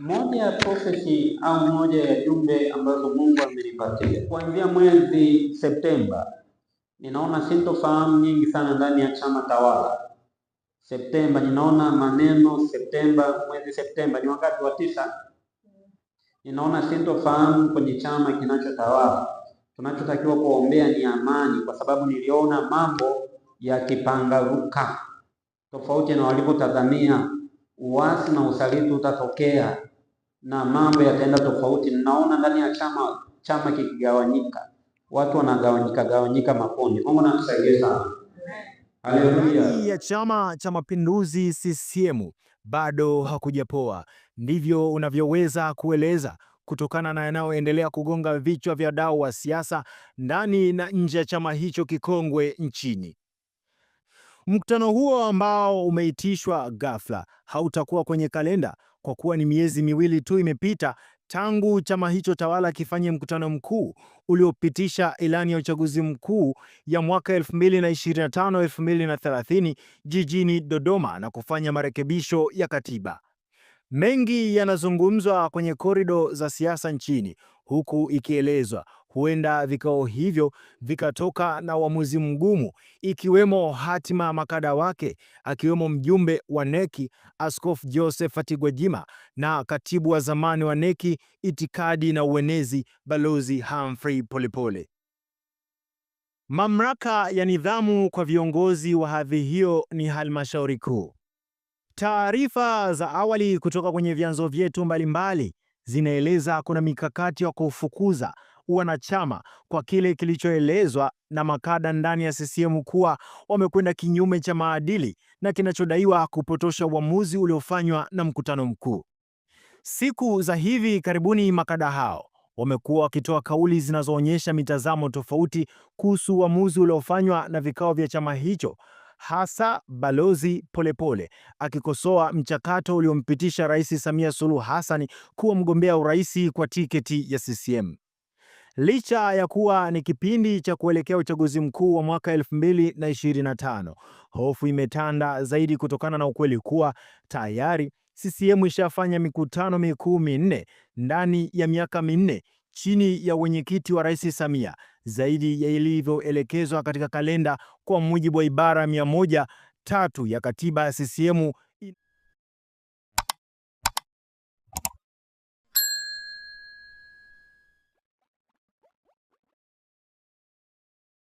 Moja ya profesi au moja ya jumbe ambazo Mungu amenipatia kuanzia mwezi Septemba, ninaona sintofahamu nyingi sana ndani ya chama tawala. Septemba ninaona maneno Septemba, mwezi Septemba ni wakati wa tisa, ninaona sintofahamu kwenye chama kinachotawala. Tunachotakiwa kuombea ni amani, kwa sababu niliona mambo yakipangaruka tofauti na walivyotazamia. Uasi na usaliti utatokea na mambo yakaenda tofauti. Naona ndani ya chama chama kikigawanyika, watu wanagawanyika gawanyika makundi. Mungu namsaidie sana. Haleluya. ya Chama cha Mapinduzi CCM bado hakujapoa, ndivyo unavyoweza kueleza kutokana na yanayoendelea kugonga vichwa vya dau wa siasa ndani na nje ya chama hicho kikongwe nchini. Mkutano huo ambao umeitishwa ghafla hautakuwa kwenye kalenda kwa kuwa ni miezi miwili tu imepita tangu chama hicho tawala kifanye mkutano mkuu uliopitisha ilani ya uchaguzi mkuu ya mwaka 2025 2030 jijini Dodoma na kufanya marekebisho ya katiba. Mengi yanazungumzwa kwenye korido za siasa nchini, huku ikielezwa huenda vikao hivyo vikatoka na uamuzi mgumu, ikiwemo hatima ya makada wake, akiwemo mjumbe wa neki Askofu Josephat Gwajima na katibu wa zamani wa neki itikadi na uenezi Balozi Humphrey Polepole. Mamlaka ya nidhamu kwa viongozi wa hadhi hiyo ni halmashauri kuu. Taarifa za awali kutoka kwenye vyanzo vyetu mbalimbali zinaeleza kuna mikakati ya kufukuza wanachama kwa kile kilichoelezwa na makada ndani ya CCM kuwa wamekwenda kinyume cha maadili na kinachodaiwa kupotosha uamuzi uliofanywa na mkutano mkuu. Siku za hivi karibuni makada hao wamekuwa wakitoa kauli zinazoonyesha mitazamo tofauti kuhusu uamuzi uliofanywa na vikao vya chama hicho, hasa Balozi Polepole akikosoa mchakato uliompitisha Rais Samia Suluhu Hassan kuwa mgombea urais kwa tiketi ya CCM. Licha ya kuwa ni kipindi cha kuelekea uchaguzi mkuu wa mwaka 2025, hofu imetanda zaidi kutokana na ukweli kuwa tayari CCM ishafanya mikutano mikuu minne ndani ya miaka minne chini ya wenyekiti wa Rais Samia, zaidi ya ilivyoelekezwa katika kalenda kwa mujibu wa ibara mia tatu ya katiba ya CCM